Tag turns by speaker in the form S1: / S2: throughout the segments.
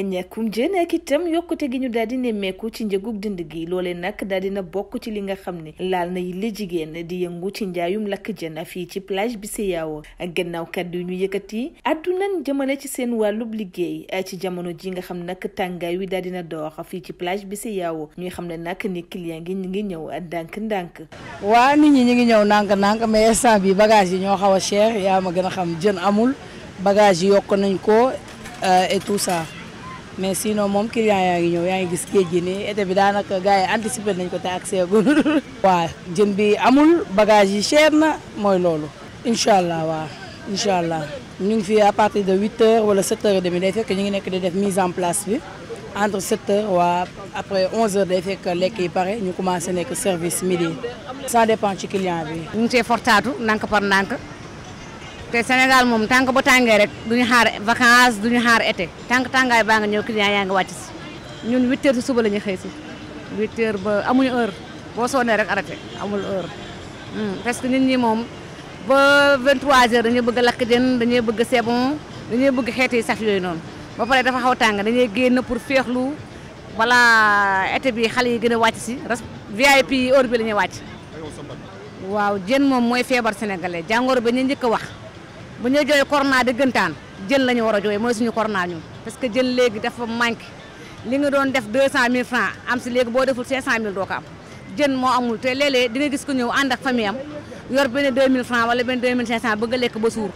S1: ñàkkum jën ak itam yokkute gi ñu daal di nemmeeku ci njëgub dind gi loole nag daal na bokk ci li nga xam ne laal na yi la jigéen di yëngu ci njaayum lakk jën fii ci plage bi si yaawo gannaaw kàddu yu ñu yëkkati àddunan jëmale ci seen wàllub liggéey ci jamono ji nga xam nag tàngaay wi daal dina doox fii ci plage bi si yaawo ñuy xam ne nag ni gi ñu ngi ñëw ndànk-ndànk
S2: waa nit ñi ñu ngi ñëw ndànk-ndànk mais yi ñoo xaw a cher yaa ma a xam jën amul bagage yi yokk nañ ko euh, et tout mais sinon moom client yaa ngi ñëw yaa ngi gis géej gi nii été bi daanaka gars yi anticipé nañ ko te accès gu. waa jën bi amul bagage yi cher na mooy loolu. incha allah waaw incha allah ñu ngi fi à partir de huit heures wala sept heures et demi day fekk ñu ngi nekk di def mise en place bi entre sept heures waa après onze heures day fekk
S3: lekk yi pare ñu commencé nekk service midi. ça dépend ci client bi. ñu ngi see fortaatu nank par nank. te Sénégal moom tànk ba tàngee rek duñu xaar vacances duñu xaar été tànk tàngaay baa nga ñëw client yaa ngi wàcc si ñun huit heures si suba la ñu xëy si huit heures ba amuñu heure boo soonee rek arrêté amul heure hmm, parce que nit ñi moom ba vingt trois heures dañuy bëgg lakk jën dañuy bëgg a sebon dañuy bëgg xeet yi saf yooyu noonu ba pare dafa xaw tàng dañuy génn pour féexlu balaa été bi xale yi gën a wàcc si VIP heure bi la ñuy wàcc waaw jën moom mooy feebar sénégalais jàngoro ba njëkk a wax bu ñu jooy corona dëggantaan jën la war a jooy mooy suñu corona ñun parce que jën léegi dafa manqué li nga doon def 200000 francs am si léegi boo deful doo ko am jën moo amul te léeg-léeg gis ko ñëw ànd ak famille am yor benn 2000 francs wala benn 2500 bëgg a lekk ba suur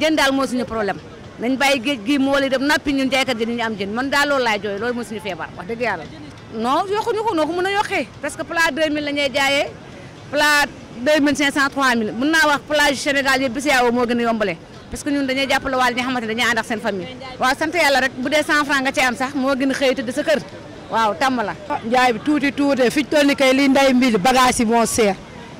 S3: jën daal mooy suñu problème nañ bàyyi géej gi moo dem nappi ñun jaaykat jën ñu am jën man daal loolu laay jooy loolu mooy suñu feebar wax dëgg yàlla non yokkuñu ko noo ko mën deux mille cinq cent trois mille mën naa wax plage Sénégal yi BCEAO moo gën a yombale parce que ñun dañuy jàppale waale ñi nga xamante ne dañuy ànd ak seen famille waaw sant yàlla rek bu dee cent franc nga ci am sax a xëy tëdd sa kër waaw tàmm la ah,
S4: fi ñu toll ni kay li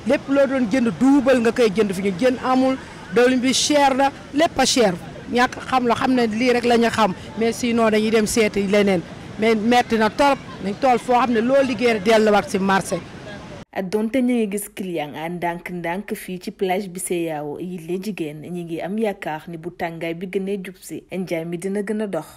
S4: lépp loo doon jënd duubal nga koy jënd fu ñu jën amul doolu bi cher la lépp a cher ñàkk xam la xam ne lii rek la ñu xam mais sinon dañuy dem seeti leneen mais metti na torop dañ tool foo xam ne loo liggéey rek delluwaat
S1: si marché donte ñu ngi gis client ndànk-ndànk fii ci plage bi Bisseyao yi jigéen ñi ngi am yaakaar ni bu tàngaay bi gën a jub si njaay mi dina gën a dox